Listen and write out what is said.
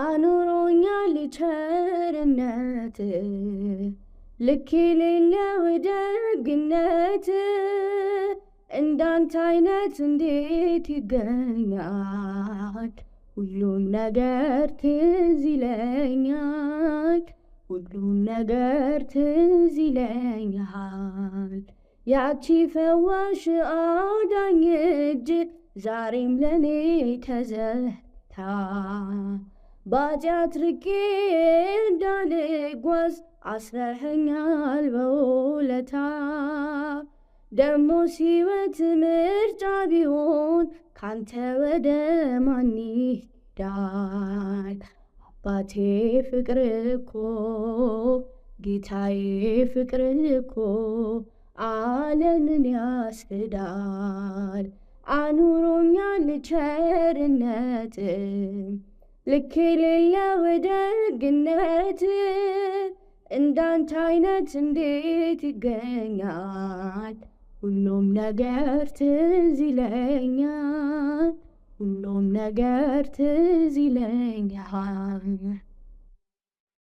አኑሮኛል ቸርነት ልክ የሌለው ደግነት እንዳንተ አይነት እንዴት ይገኛል? ሁሉም ነገር ትዝ ይለኛል፣ ሁሉም ነገር ትዝ ይለኛል። ያቺ ፈዋሽ አዳኝ እጅ ዛሬም ለኔ ተዘታ ባጃ አትርቄ እንዳልጓዝ አስረኸኛል በውለታ ደሞ ሲበት ምርጫ ቢሆን ካንተ ወደ ማን ይሄዳል? አባቴ ፍቅር እኮ ጌታዬ ፍቅር እኮ ዓለምን ያስክዳል። አኑሮኛል ቸርነትም ልክ የሌለው ደግነት እንዳንተ አይነት እንዴት ይገኛል? ሁሉም ነገር ትዝ ይለኛል፣ ሁሉም ነገር ትዝ ይለኛል።